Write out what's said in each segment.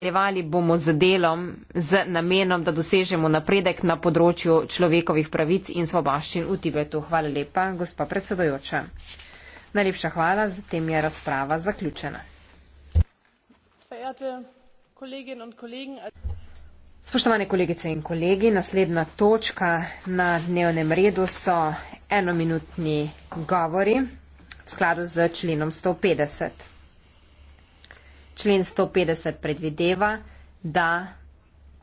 Nadaljevali bomo z delom z namenom, da dosežemo napredek na področju človekovih pravic in svobaščin v Tibetu. Hvala lepa, gospa predsedojoča. Najlepša hvala, z tem je razprava zaključena. Spoštovane kolegice in kolegi, naslednja točka na dnevnem redu so enominutni govori v skladu z členom 150. Člen 150 predvideva, da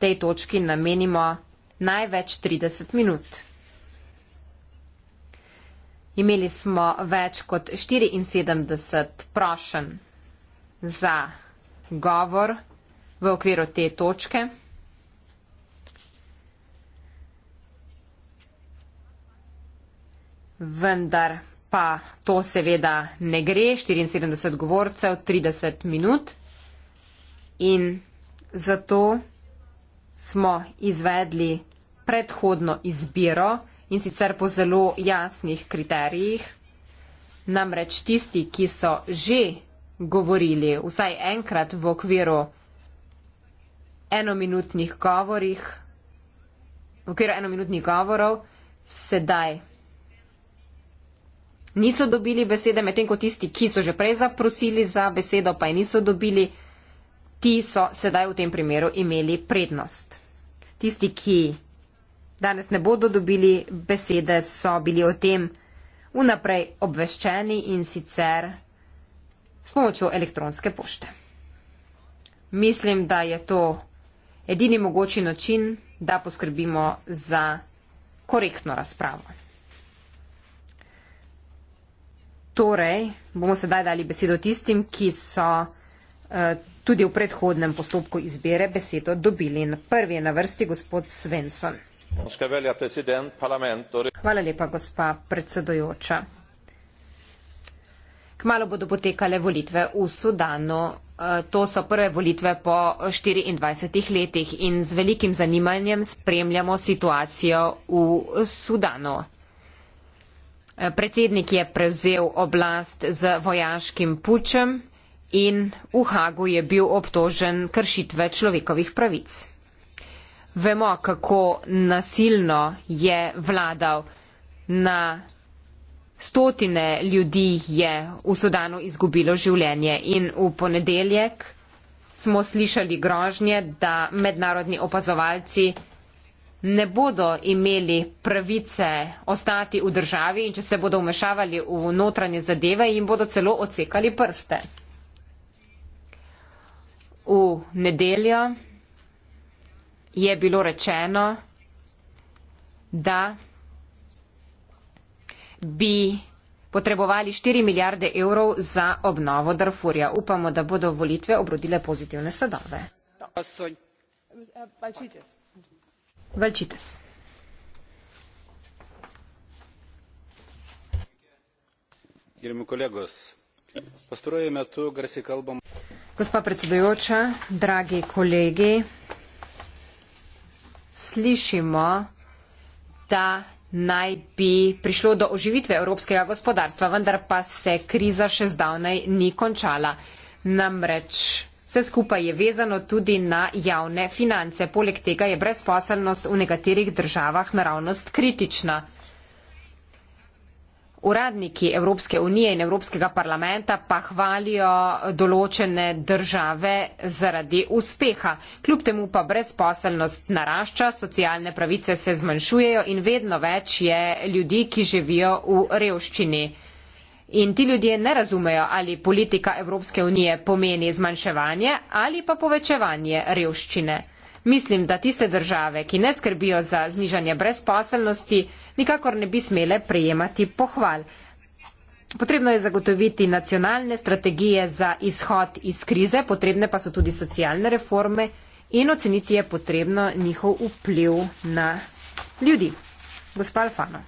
tej točki namenimo največ 30 minut. Imeli smo več kot 74 prošen za govor v okviru te točke. Vendar pa to seveda ne gre, 74 govorcev, 30 minut in zato smo izvedli predhodno izbiro in sicer po zelo jasnih kriterijih. Namreč tisti, ki so že govorili vsaj enkrat v okviru enominutnih govorih, v okviru enominutnih govorov, sedaj niso dobili besede, medtem ko tisti, ki so že prej zaprosili za besedo, pa je niso dobili besede ti so sedaj v tem primeru imeli prednost. Tisti, ki danes ne bodo dobili besede, so bili o tem vnaprej obveščeni in sicer s pomočjo elektronske pošte. Mislim, da je to edini mogoči način, da poskrbimo za korektno razpravo. Torej, bomo sedaj dali besedo tistim, ki so. Uh, tudi v predhodnem postopku izbire besedo dobili. In prvi je na vrsti gospod Svensson. Torej- Hvala lepa, gospa predsedujoča. Kmalo bodo potekale volitve v Sudanu. E, to so prve volitve po 24 letih in z velikim zanimanjem spremljamo situacijo v Sudanu. E, predsednik je prevzel oblast z vojaškim pučem in v Hagu je bil obtožen kršitve človekovih pravic. Vemo, kako nasilno je vladal na stotine ljudi je v Sudanu izgubilo življenje in v ponedeljek smo slišali grožnje, da mednarodni opazovalci ne bodo imeli pravice ostati v državi in če se bodo umešavali v notranje zadeve, jim bodo celo odsekali prste. V nedeljo je bilo rečeno, da bi potrebovali 4 milijarde evrov za obnovo Darfurja. Upamo, da bodo volitve obrodile pozitivne sadove. Valčites. Pastaruoju metu garsiai kalbam. Gospa predsedujoča, dragi kolegi, slišimo, da naj bi prišlo do oživitve evropskega gospodarstva, vendar pa se kriza še zdavnaj ni končala. Namreč vse skupaj je vezano tudi na javne finance. Poleg tega je brezposelnost v nekaterih državah naravnost kritična uradniki Evropske unije in Evropskega parlamenta pa hvalijo določene države zaradi uspeha. Kljub temu pa brezposelnost narašča, socialne pravice se zmanjšujejo in vedno več je ljudi, ki živijo v revščini. In ti ljudje ne razumejo, ali politika Evropske unije pomeni zmanjševanje ali pa povečevanje revščine mislim, da tiste države, ki ne skrbijo za znižanje brezposelnosti, nikakor ne bi smele prijemati pohval. Potrebno je zagotoviti nacionalne strategije za izhod iz krize, potrebne pa so tudi socialne reforme in oceniti je potrebno njihov vpliv na ljudi. Gospa Alfano.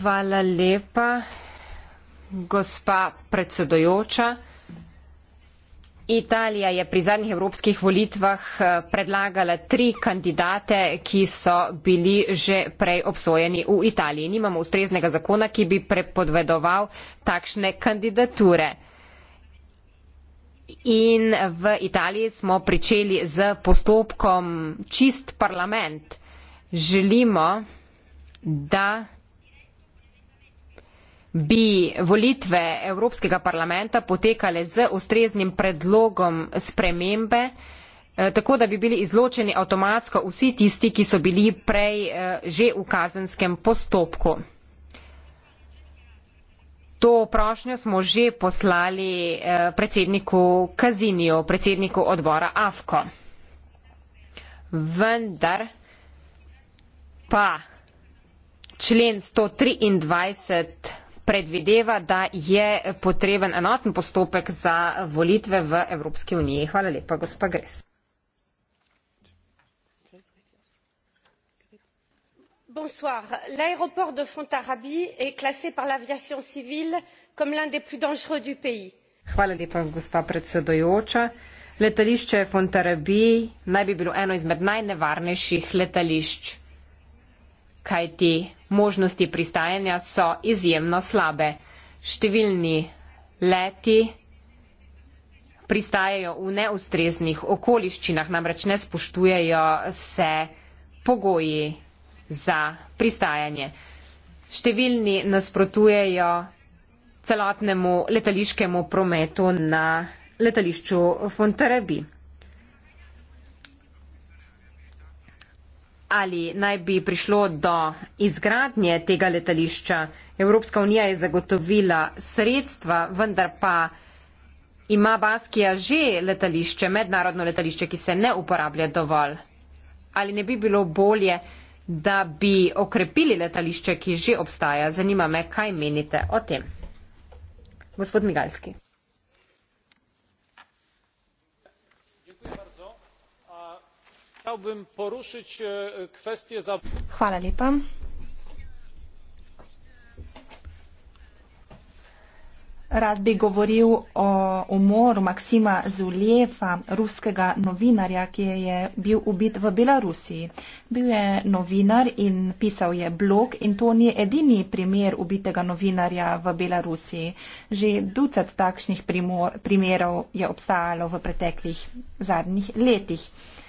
Hvala lepa, gospa predsedojoča. Italija je pri zadnjih evropskih volitvah eh, predlagala tri kandidate, ki so bili že prej obsojeni v Italiji. Nimamo ustreznega zakona, ki bi prepodvedoval takšne kandidature. In v Italiji smo pričeli z postopkom čist parlament. Želimo, da bi volitve Evropskega parlamenta potekale z ustreznim predlogom spremembe, eh, tako da bi bili izločeni avtomatsko vsi tisti, ki so bili prej eh, že v kazenskem postopku. To prošnjo smo že poslali eh, predsedniku Kazinijo, predsedniku odbora AFKO. Vendar pa člen 123 predvideva, da je potreben enoten postopek za volitve v Evropski uniji. Hvala lepa, gospa Gres. Bonsoir. L'aéroport de Fontarabi est classé par l'aviation civile comme l'un des plus dangereux du pays. Hvala lepa, gospa predsedojoča. Letališče Fontarabi naj bi bilo eno izmed najnevarnejših letališč kajti možnosti pristajanja so izjemno slabe. Številni leti pristajajo v neustreznih okoliščinah, namreč ne spoštujejo se pogoji za pristajanje. Številni nasprotujejo celotnemu letališkemu prometu na letališču Fontarabi. ali naj bi prišlo do izgradnje tega letališča. Evropska unija je zagotovila sredstva, vendar pa ima Baskija že letališče, mednarodno letališče, ki se ne uporablja dovolj. Ali ne bi bilo bolje, da bi okrepili letališče, ki že obstaja? Zanima me, kaj menite o tem. Gospod Migalski. chciałbym poruszyć e, kwestię Rad bi govoril o umoru Maksima Zuljefa, ruskega novinarja, ki je bil ubit v Belorusiji. Bil je novinar in pisal je blog in to ni edini primer ubitega novinarja v Belorusiji. Že ducat takšnih primor, primerov je obstajalo v preteklih zadnjih letih. Uh,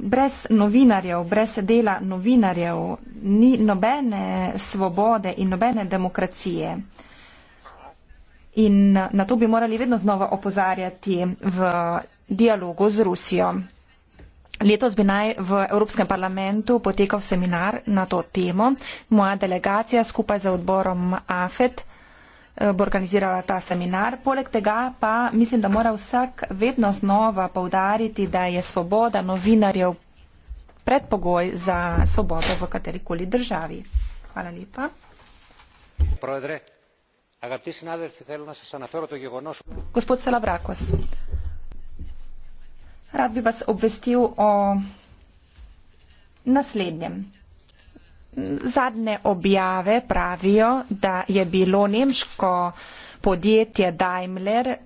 brez novinarjev, brez dela novinarjev ni nobene svobode in nobene demokracije. In na to bi morali vedno znova opozarjati v dialogu z Rusijo. Letos bi naj v Evropskem parlamentu potekal seminar na to temo. Moja delegacija skupaj z odborom AFET Eh, bo organizirala ta seminar. Poleg tega pa mislim, da mora vsak vedno znova povdariti, da je svoboda novinarjev predpogoj za svobodo v kateri koli državi. Hvala lepa. Gospod Salavrakos, rad bi vas obvestil o naslednjem zadnje objave pravijo, da je bilo nemško podjetje Daimler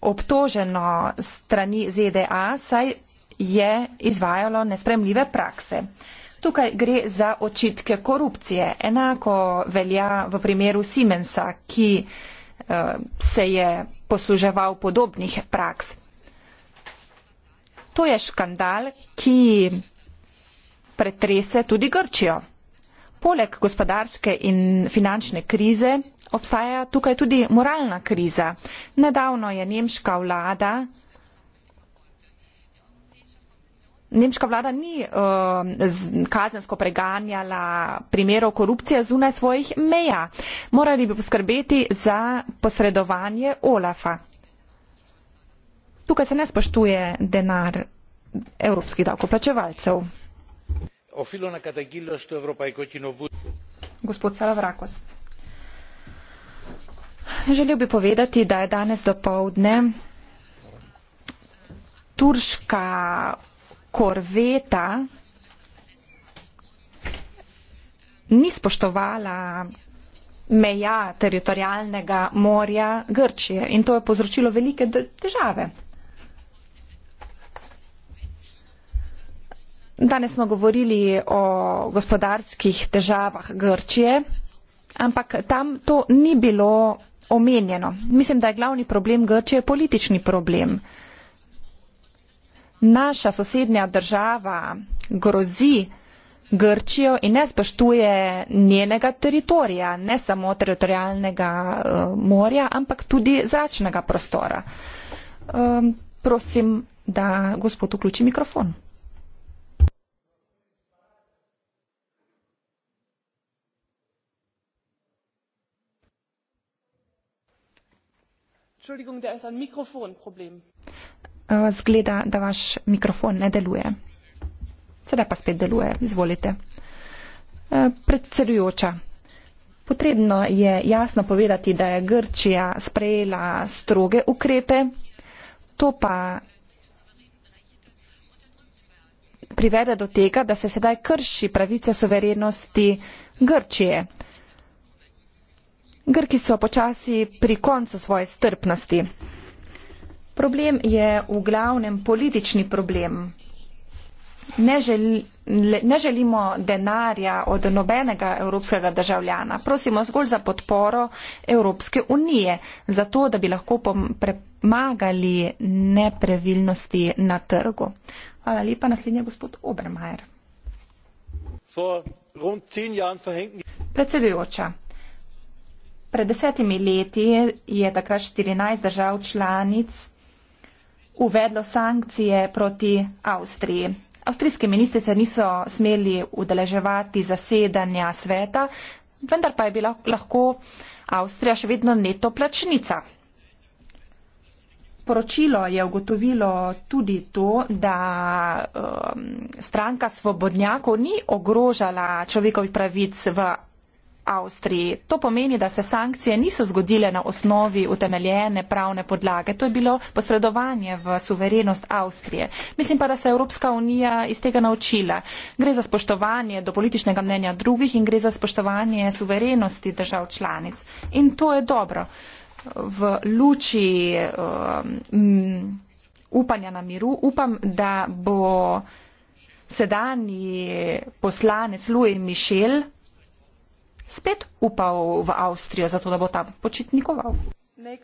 obtoženo strani ZDA, saj je izvajalo nespremljive prakse. Tukaj gre za očitke korupcije. Enako velja v primeru Siemensa, ki eh, se je posluževal podobnih praks. To je škandal, ki pretrese tudi Grčijo poleg gospodarske in finančne krize obstaja tukaj tudi moralna kriza. Nedavno je nemška vlada Nemška vlada ni uh, kazensko preganjala primerov korupcije zunaj svojih meja. Morali bi poskrbeti za posredovanje Olafa. Tukaj se ne spoštuje denar evropskih davkoplačevalcev οφείλω να καταγγείλω στο Ευρωπαϊκό Κοινοβούλιο. Господ Σαλαβράκος. Želio bi povedati, da je danes do povdne turška korveta ni spoštovala meja teritorijalnega morja Grčije in to je povzročilo velike težave. Danes smo govorili o gospodarskih težavah Grčije, ampak tam to ni bilo omenjeno. Mislim, da je glavni problem Grčije politični problem. Naša sosednja država grozi Grčijo in ne spoštuje njenega teritorija, ne samo teritorijalnega eh, morja, ampak tudi zračnega prostora. Eh, prosim, da gospod vključi mikrofon. Entschuldigung, da ist ein Mikrofonproblem. Eh, zgleda, da vaš mikrofon ne deluje. Sedaj pa spet deluje, izvolite. Eh, predsedujoča, potrebno je jasno povedati, da je Grčija sprejela stroge ukrepe, to pa privede do tega, da se sedaj krši pravice soverenosti Grčije. Grki so počasi pri koncu svoje strpnosti. Problem je v glavnem politični problem. Ne, želi, ne želimo denarja od nobenega evropskega državljana. Prosimo zgolj za podporo Evropske unije, zato da bi lahko premagali nepravilnosti na trgu. Hvala lepa, naslednji je gospod Obermajer. Predsedujoča. Pred desetimi leti je takrat 14 držav članic uvedlo sankcije proti Avstriji. Avstrijske ministrice niso smeli udeleževati zasedanja sveta, vendar pa je bila lahko Avstrija še vedno neto plačnica. Poročilo je ugotovilo tudi to, da um, stranka svobodnjakov ni ogrožala človekovih pravic v Avstriji. To pomeni, da se sankcije niso zgodile na osnovi utemeljene pravne podlage. To je bilo posredovanje v suverenost Avstrije. Mislim pa, da se je Evropska unija iz tega naučila. Gre za spoštovanje do političnega mnenja drugih in gre za spoštovanje suverenosti držav članic. In to je dobro. V luči um, upanja na miru upam, da bo sedani poslanec Louis Michel spet upal v Avstrijo, zato da bo tam počitnikoval. Eh,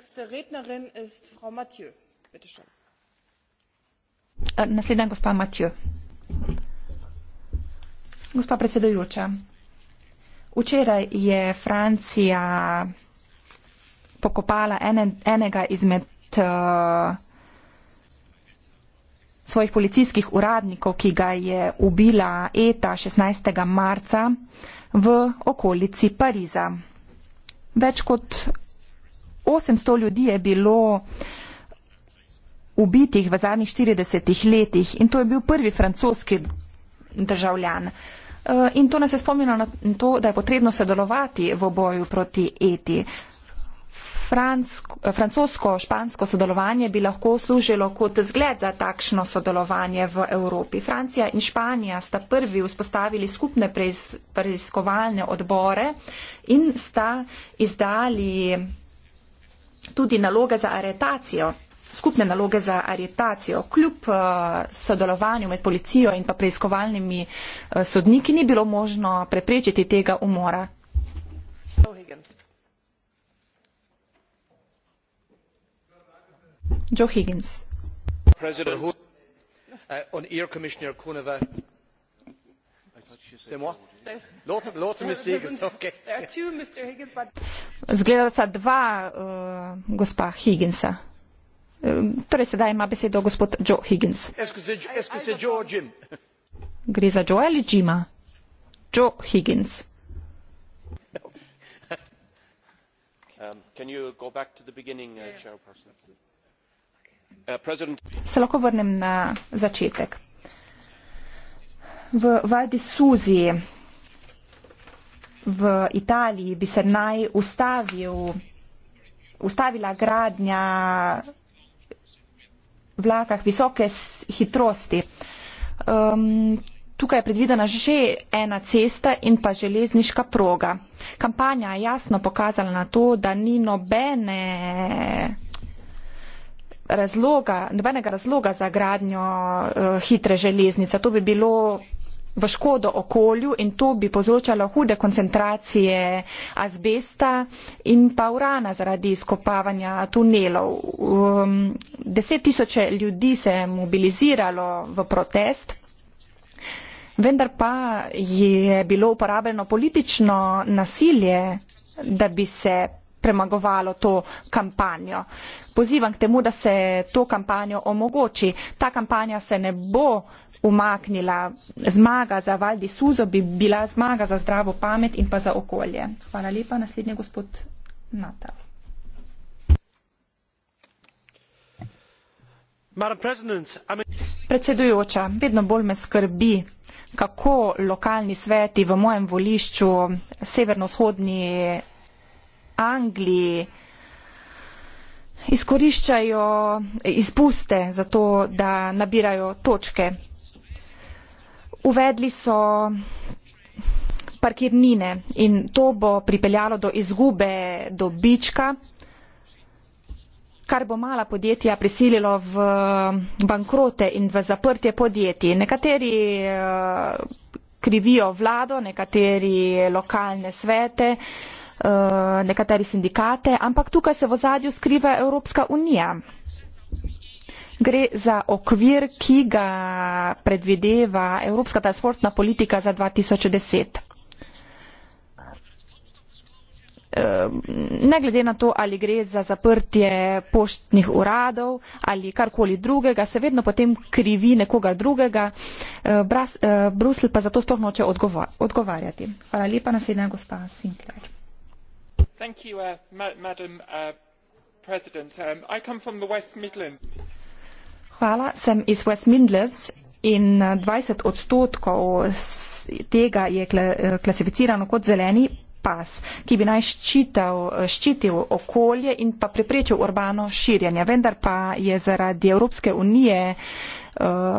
naslednja je gospa Matjo. Gospa predsedujoča, včeraj je Francija pokopala ene, enega izmed uh, svojih policijskih uradnikov, ki ga je ubila ETA 16. marca. Uh, v okolici Pariza. Več kot 800 ljudi je bilo ubitih v zadnjih 40 letih in to je bil prvi francoski državljan. Eh, in to nas je spomnilo na to, da je potrebno sodelovati v boju proti eti. Fransko, francosko, špansko sodelovanje bi lahko služilo kot zgled za takšno sodelovanje v Evropi. Francija in Španija sta prvi vzpostavili skupne preiskovalne odbore in sta izdali tudi naloge za aretacijo skupne naloge za aretacijo. Kljub eh, sodelovanju med policijo in pa preiskovalnimi eh, sodniki ni bilo možno preprečiti tega umora. joe higgins uh, Zgleda, da sta dva uh, gospa Higginsa. Uh, torej, sedaj ima besedo gospod Joe Higgins. Gre za Joe ali Jima? Joe Higgins. No. Um, beginning, uh, Uh, se lahko vrnem na začetek. V Valdi Suzi v Italiji bi se naj ustavil, ustavila gradnja vlakah visoke hitrosti. Um, tukaj je predvidena že ena cesta in pa železniška proga. Kampanja je jasno pokazala na to, da ni nobene razloga, nobenega razloga za gradnjo uh, hitre železnice. To bi bilo v škodo okolju in to bi povzročalo hude koncentracije azbesta in pa urana zaradi izkopavanja tunelov. Um, deset tisoče ljudi se je mobiliziralo v protest. Vendar pa je bilo uporabljeno politično nasilje, da bi se premagovalo to kampanjo. Pozivam k temu, da se to kampanjo omogoči. Ta kampanja se ne bo umaknila. Zmaga za Valdi Suzo bi bila zmaga za zdravo pamet in pa za okolje. Hvala lepa. Naslednji gospod Nata. Predsedujoča, vedno bolj me skrbi, kako lokalni sveti v mojem volišču, severno-shodni Angliji izkoriščajo izpuste za to, da nabirajo točke. Uvedli so parkirnine in to bo pripeljalo do izgube dobička, kar bo mala podjetja prisililo v bankrote in v zaprtje podjetij. Nekateri eh, krivijo vlado, nekateri lokalne svete, Eh, nekatere sindikate, ampak tukaj se v zadju skriva Evropska unija. Gre za okvir, ki ga predvideva Evropska transportna politika za 2010. Eh, ne glede na to, ali gre za zaprtje poštnih uradov ali karkoli drugega, se vedno potem krivi nekoga drugega. Eh, Brusl pa zato sploh noče odgovarjati. Hvala lepa, naslednja gospa Sinclair. Uh, uh, um, Hvala, sem iz West Midlands in 20 uh, odstotkov tega je eh, klasificirano kot zeleni pas, ki bi naj ščital, ščitil okolje in pa preprečil urbano širjanje. Vendar pa je zaradi Evropske unije eh,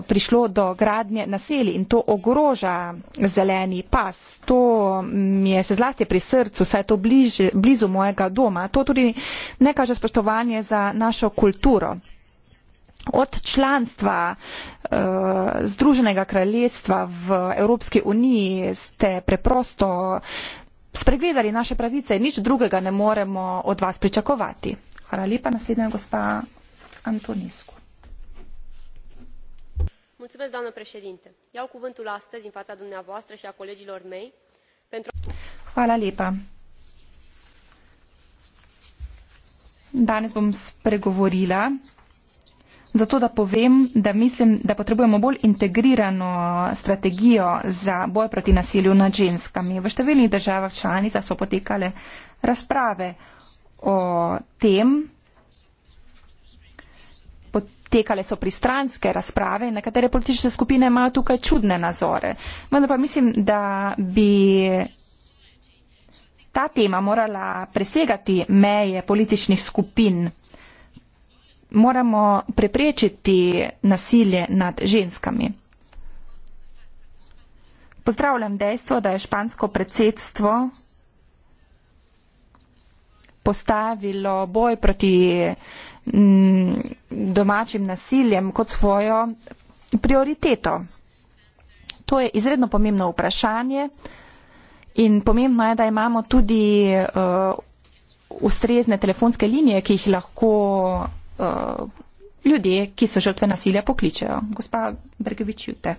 prišlo do gradnje naseli in to ogroža zeleni pas. To mi mm, je še zlasti pri srcu, saj je to bliž, blizu mojega doma. To tudi ne kaže spoštovanje za našo kulturo. Od članstva uh, Združenega kraljestva v Evropski uniji ste preprosto uh, spregledali naše pravice in nič drugega ne moremo od vas pričakovati. Hvala lepa, naslednja gospa Antonescu. Mulțumesc, doamnă președinte. Iau cuvântul astăzi în fața dumneavoastră și a colegilor mei pentru... Hvala lepa. Danes bom spregovorila Zato, da povem, da mislim, da potrebujemo bolj integrirano strategijo za boj proti nasilju nad ženskami. V številnih državah članica so potekale razprave o tem, potekale so pristranske razprave, na katere politične skupine imajo tukaj čudne nazore. Vendar pa mislim, da bi. Ta tema morala presegati meje političnih skupin moramo preprečiti nasilje nad ženskami. Pozdravljam dejstvo, da je špansko predsedstvo postavilo boj proti mm, domačim nasiljem kot svojo prioriteto. To je izredno pomembno vprašanje in pomembno je, da imamo tudi uh, ustrezne telefonske linije, ki jih lahko Eh, ljudje, ki so žrtve nasilja, pokličejo. Gospa Bergovič, jute.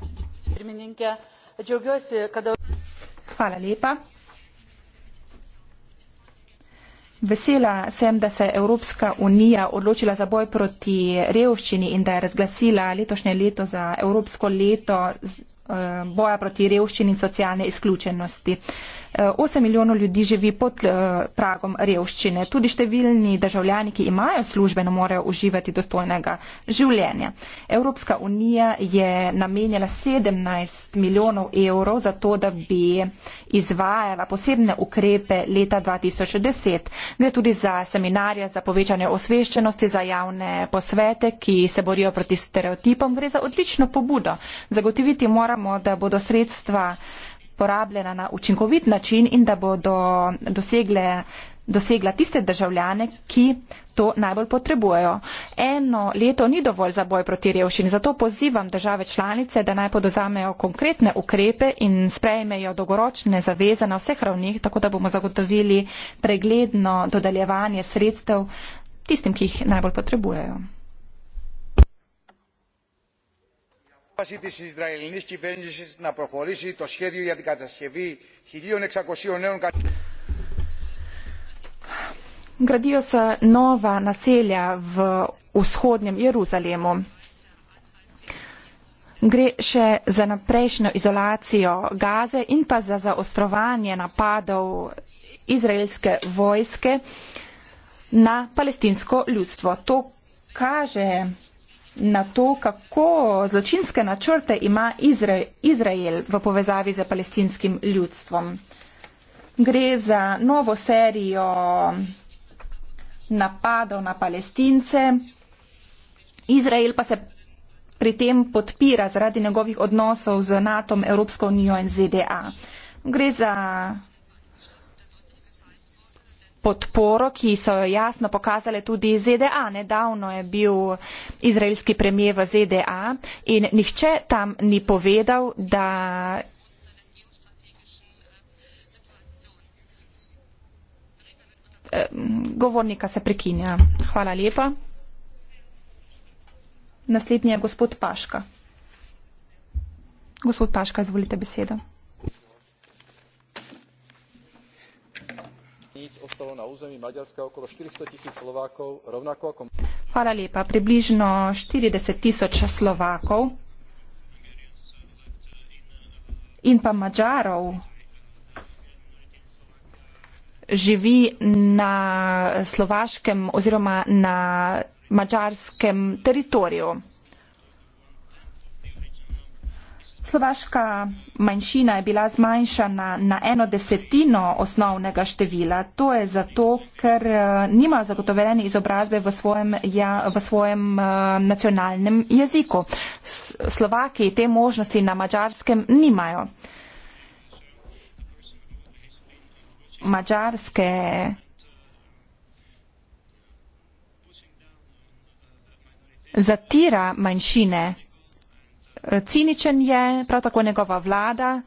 Hvala lepa. Vesela sem, da se je Evropska unija odločila za boj proti revščini in da je razglasila letošnje leto za Evropsko leto Eh, boja proti revščini in socialne izključenosti. 8 eh, milijonov ljudi živi pod eh, pragom revščine. Tudi številni državljani, ki imajo službe, ne morejo uživati dostojnega življenja. Evropska unija je namenjala 17 milijonov evrov za to, da bi izvajala posebne ukrepe leta 2010. Gre tudi za seminarje za povečanje osveščenosti, za javne posvete, ki se borijo proti stereotipom. Gre za odlično pobudo. Zagotoviti mora zagovarjamo, da bodo sredstva porabljena na učinkovit način in da bodo dosegle, dosegla tiste državljane, ki to najbolj potrebujejo. Eno leto ni dovolj za boj proti revščini, zato pozivam države članice, da naj podozamejo konkretne ukrepe in sprejmejo dogoročne zaveze na vseh ravnih, tako da bomo zagotovili pregledno dodaljevanje sredstev tistim, ki jih najbolj potrebujejo. απόφαση της Ισραηλινής κυβέρνησης να προχωρήσει το σχέδιο για την κατασκευή 1.600 νέων Градиоса нова населја во усходнем Јерусалиму. Греше за напрешно изолација газе и па за заострување нападов израелске војске на палестинско людство. То каже na to, kako zločinske načrte ima Izrael v povezavi z palestinskim ljudstvom. Gre za novo serijo napadov na palestince. Izrael pa se pri tem podpira zaradi njegovih odnosov z NATO, Evropsko unijo in ZDA. Gre za podporo, ki so jo jasno pokazale tudi ZDA. Nedavno je bil izraelski premijer v ZDA in nihče tam ni povedal, da. Eh, govornika se prekinja. Hvala lepa. Naslednji je gospod Paška. Gospod Paška, izvolite besedo. ostalo na území Maďarska okolo 400 tisíc Slovákov, rovnako ako... Hvala lepa. Približno 40 tisoč Slovákov in pa Mačarov živi na slovaškem oziroma na mačarskem teritoriju. Slovaška manjšina je bila zmanjšana na eno desetino osnovnega števila. To je zato, ker eh, nima zagotovljene izobrazbe v svojem, ja, v svojem uh, nacionalnem jeziku. Slovaki te možnosti na mačarskem nimajo. Mačarske. Zatira manjšine ciničen je, prav tako njegova vlada.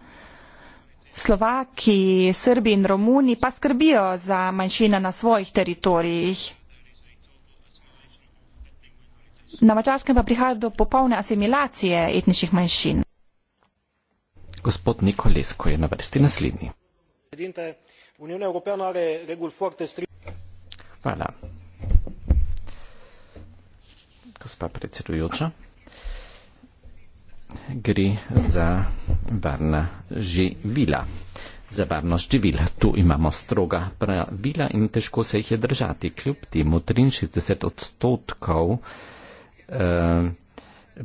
Slovaki, Srbi in Romuni pa skrbijo za manjšine na svojih teritorijih. Na mačarskem pa prihaja do popolne asimilacije etničnih manjšin. Gospod Nikolesko je na vrsti naslednji. Hvala. Gospa predsedujoča gre za barna živila. Za barno živila. Tu imamo stroga pravila in težko se jih je držati. Kljub temu 63 odstotkov eh,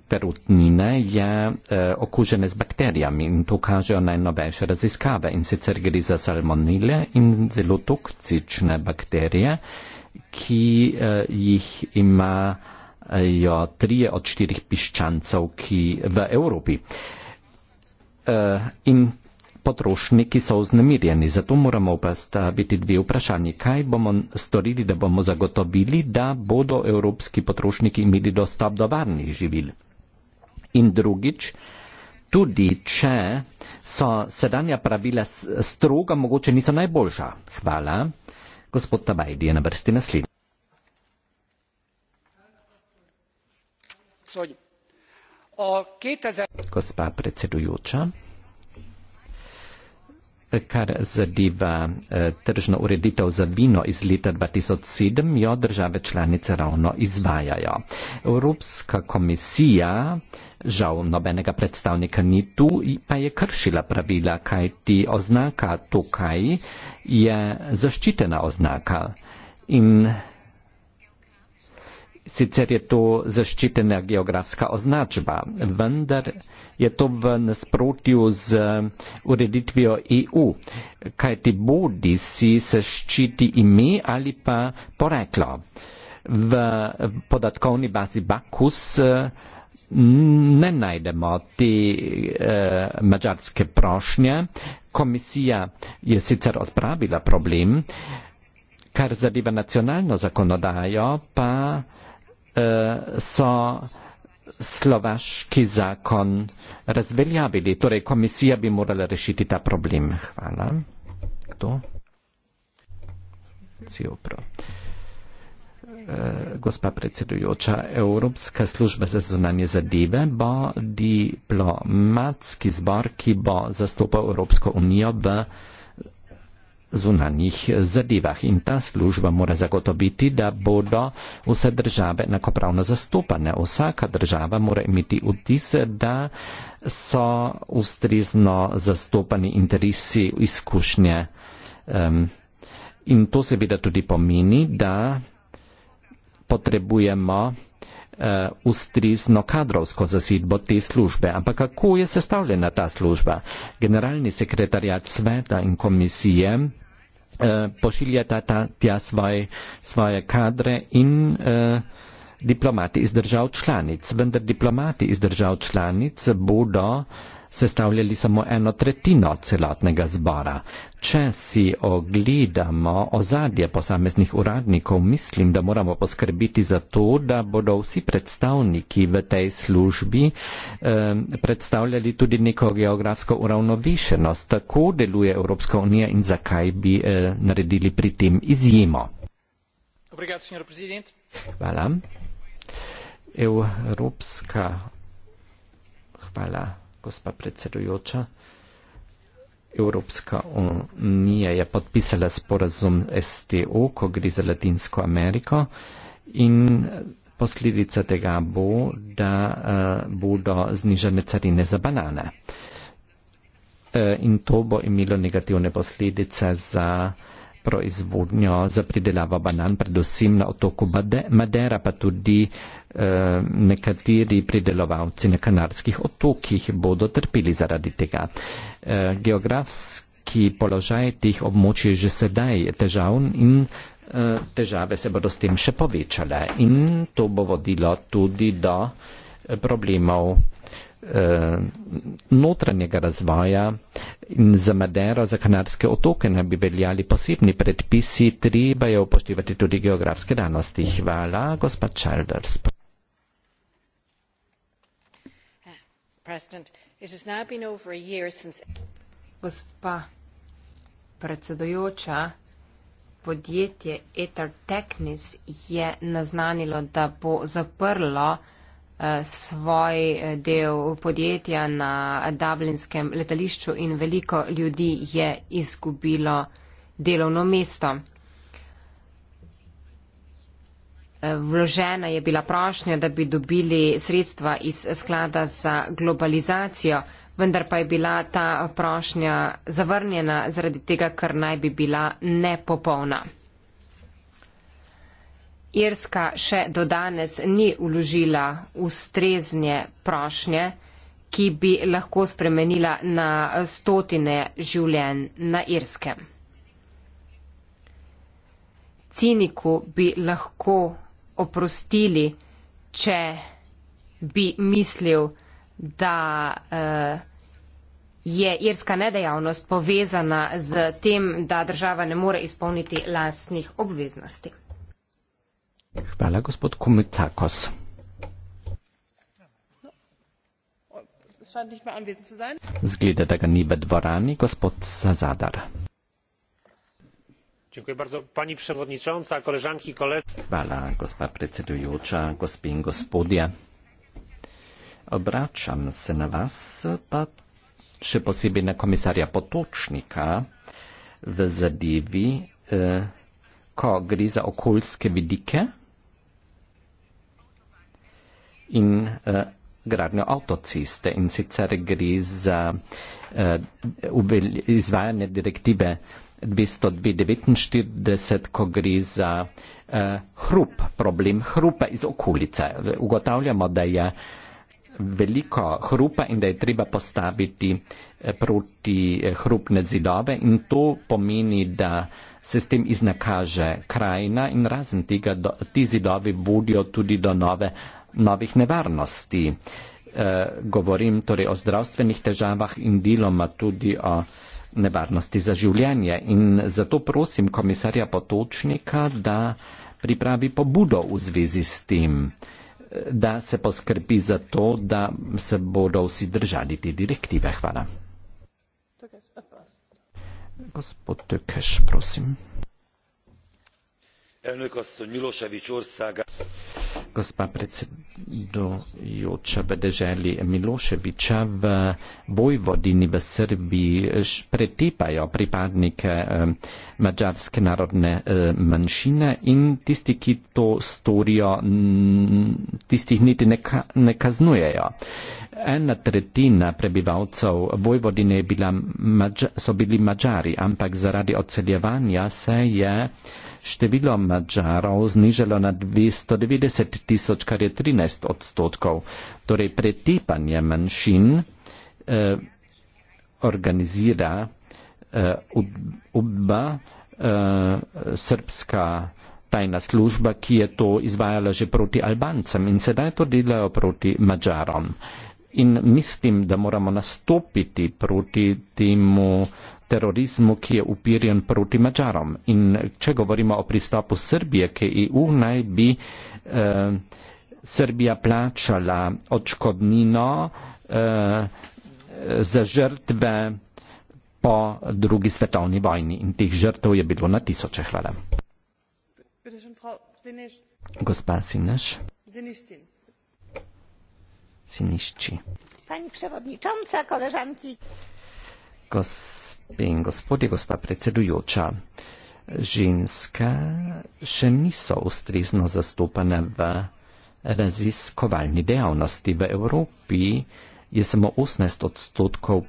perutnine je eh, okužene z bakterijami in to kažejo najnovejše raziskave. In sicer gre za salmonile in zelo toksične bakterije, ki eh, jih ima jo trije od štirih piščancev, ki v Evropi. E, in potrošniki so vznemirjeni, zato moramo postaviti dve vprašanje. Kaj bomo storili, da bomo zagotovili, da bodo evropski potrošniki imeli dostop do varnih živil? In drugič, tudi če so sedanja pravila stroga, mogoče niso najboljša. Hvala. Gospod Tabajdi je na vrsti naslednji. Gospa predsedujoča, kar zadeva eh, tržno ureditev za vino iz leta 2007, jo države članice ravno izvajajo. Evropska komisija, žal nobenega predstavnika ni tu, pa je kršila pravila, kaj ti oznaka tukaj je zaščitena oznaka. In sicer je to zaščitena geografska označba, vendar je to v nasprotju z ureditvijo EU, kaj ti bodi si zaščiti ime ali pa poreklo. V podatkovni bazi Bakus eh, ne najdemo te eh, mađarske prošnje. Komisija je sicer odpravila problem, kar zadeva nacionalno zakonodajo, pa E, so slovaški zakon razveljavili. Torej, komisija bi morala rešiti ta problem. Hvala. Kdo? Cijopro. E, gospa predsedujoča, Evropska služba za zunanje zadeve bo diplomatski zbor, ki bo zastopal Evropsko unijo v zunanjih zadevah. In ta služba mora zagotoviti, da bodo vse države enakopravno zastopane. Vsaka država mora imeti vtis, da so ustrezno zastopani interesi, izkušnje. Um, in to seveda tudi pomeni, da potrebujemo uh, ustrezno kadrovsko zasedbo te službe. Ampak kako je sestavljena ta služba? Generalni sekretarjat sveta in komisije Eh, pošiljata ta, tja svoje, svoje kadre in uh, diplomati iz držav članic. Vendar diplomati iz držav članic bodo uh, sestavljali samo eno tretjino celotnega zbora. Če si ogledamo ozadje posameznih uradnikov, mislim, da moramo poskrbiti za to, da bodo vsi predstavniki v tej službi eh, predstavljali tudi neko geografsko uravnovišenost, tako deluje Evropska unija in zakaj bi eh, naredili pri tem izjemo. Hvala. Evropska. Hvala gospa predsedujoča. Evropska unija je podpisala sporazum STO, ko gre za Latinsko Ameriko in posledica tega bo, da uh, bodo znižene carine za banane. Uh, in to bo imelo negativne posledice za uh, proizvodnjo za pridelavo banan, predvsem na otoku Madera, pa tudi eh, nekateri pridelovalci na kanarskih otokih bodo trpeli zaradi tega. Eh, geografski položaj teh območij že sedaj je težavn in eh, težave se bodo s tem še povečale in to bo vodilo tudi do eh, problemov. Eh, Eh, notranjega razvoja in za Madero, za Kanarske otoke naj bi veljali posebni predpisi, treba je upoštevati tudi geografske danosti. Hvala, gospod Childers. Gospa predsedojoča, podjetje Ether Technis je naznanilo, da bo zaprlo Eh, svoj eh, del podjetja na dublinskem letališču in veliko ljudi je izgubilo delovno mesto. Eh, vložena je bila prošnja, da bi dobili sredstva iz sklada za globalizacijo, vendar pa je bila ta prošnja zavrnjena zaradi tega, ker naj bi bila nepopolna. Irska še do danes ni uložila ustrezne prošnje, ki bi lahko spremenila na stotine življenj na Irskem. Ciniku bi lahko oprostili, če bi mislil, da uh, je irska nedejavnost povezana z tem, da država ne more izpolniti lastnih obveznosti. Hvala, gospod Kumitakos. Zgleda, da ga ni v dvorani, gospod Zazadar. Hvala, gospa predsedujoča, gospe in gospodje. Obračam se na vas, pa še posebej na komisarja Potočnika v zadevi, eh, ko gre za okoljske vidike in uh, gradnjo avtociste. In sicer gre za uh, izvajanje direktive 249, ko gre za uh, hrup, problem hrupa iz okolice. Ugotavljamo, da je veliko hrupa in da je treba postaviti proti hrupne zidove in to pomeni, da se s tem iznakaže krajina in razen tega do, ti zidovi vodijo tudi do nove novih nevarnosti. E, govorim torej o zdravstvenih težavah in deloma tudi o nevarnosti za življenje. In zato prosim komisarja Potočnika, da pripravi pobudo v zvezi s tem, da se poskrbi za to, da se bodo vsi držali te direktive. Hvala. Gospod Tökes, prosim. Gospa predsedujoča predeželi Miloševiča, v Vojvodini v Srbiji pretepajo pripadnike eh, mađarske narodne eh, manjšine in tisti, ki to storijo, tistih niti ne, ka, ne kaznujejo. Ena tretjina prebivalcev Vojvodine bila, so bili mađari, ampak zaradi odseljevanja se je število Mačarov znižalo na 290 tisoč, kar je 13 odstotkov. Torej pretepanje manjšin eh, organizira eh, oba eh, srpska tajna služba, ki je to izvajala že proti Albancem in sedaj to delajo proti Mačarom. In mislim, da moramo nastopiti proti temu terorizmu, ki je upirjen proti Mačarom. In če govorimo o pristopu Srbije k EU, naj bi eh, Srbija plačala odškodnino eh, za žrtve po drugi svetovni vojni. In teh žrtev je bilo na tisoče. Hvala. Gospa Sineš. Siniščin. Pani przewodnicząca, koleżanki. Gos... In gospodje, gospa predsedujoča, ženske še niso ustrezno zastopane v raziskovalni dejavnosti. V Evropi je samo 18 odstotkov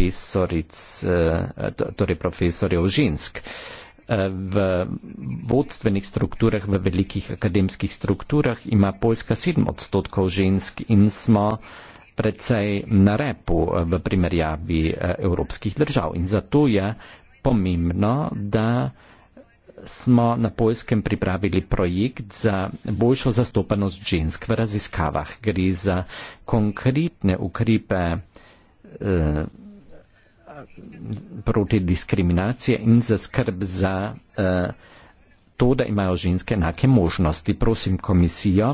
eh, torej profesorjev žensk. Eh, v vodstvenih strukturah, v velikih akademskih strukturah ima Poljska 7 odstotkov žensk in smo uh, precej na repu eh, v primerjavi eh, evropskih držav. In zato je pomembno, da smo na Poljskem pripravili projekt za boljšo zastopanost žensk v raziskavah. Gre za konkretne ukrepe eh, proti diskriminaciji in za skrb za to, da imajo ženske enake možnosti. Prosim komisijo,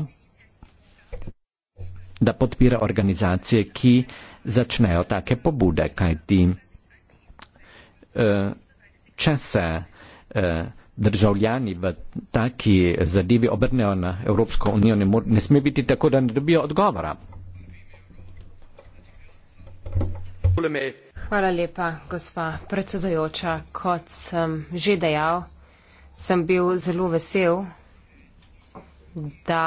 da podpira organizacije, ki začnejo take pobude, kajti eh, če se eh, državljani v taki zadevi obrnejo na Evropsko unijo, ne, ne sme biti tako, da ne dobijo odgovora. Hvala lepa, gospa predsedojoča. Kot sem že dejal, sem bil zelo vesel, da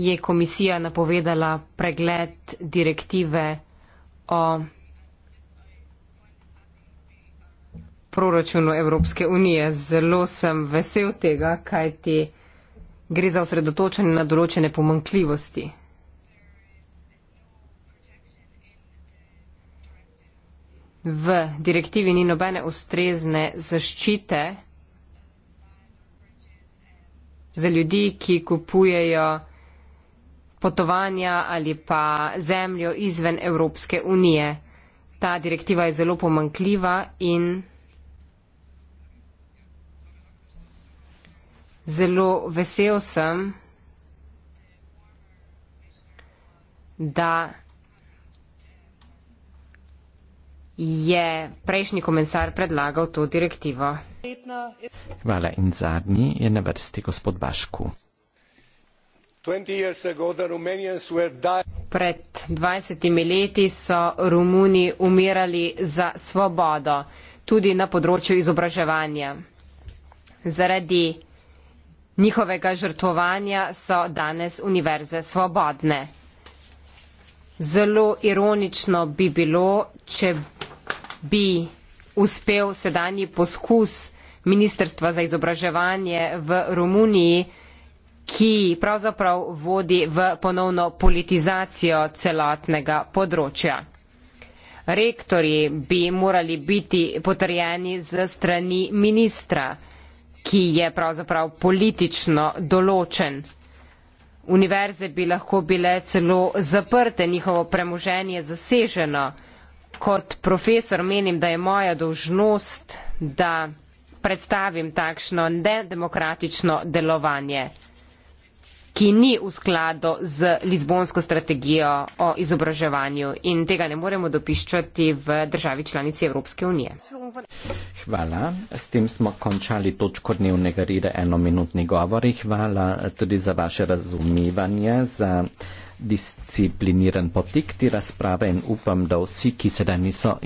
je komisija napovedala pregled direktive o proračunu Evropske unije. Zelo sem vesel tega, kaj ti gre za osredotočenje na določene pomankljivosti. V direktivi ni nobene ustrezne zaščite za ljudi, ki kupujejo potovanja ali pa zemljo izven Evropske unije. Ta direktiva je zelo pomankljiva in zelo vesel sem, da je prejšnji komisar predlagal to direktivo. Hvala in zadnji je na vrsti gospod Bašku. Pred dvajsetimi leti so Romuni umirali za svobodo, tudi na področju izobraževanja. Zaradi njihovega žrtvovanja so danes univerze svobodne. Zelo ironično bi bilo, če bi uspel sedanji poskus Ministrstva za izobraževanje v Romuniji, ki pravzaprav vodi v ponovno politizacijo celotnega področja. Rektori bi morali biti potrjeni z strani ministra, ki je pravzaprav politično določen. Univerze bi lahko bile celo zaprte, njihovo premoženje zaseženo. Kot profesor menim, da je moja dolžnost, da predstavim takšno nedemokratično delovanje ki ni v skladu z Lizbonsko strategijo o izobraževanju in tega ne moremo dopiščati v državi članici Evropske unije. Hvala. S tem smo končali točko dnevnega reda enominutni govori. Hvala tudi za vaše razumevanje, za discipliniran potik te razprave in upam, da vsi, ki sedaj niso.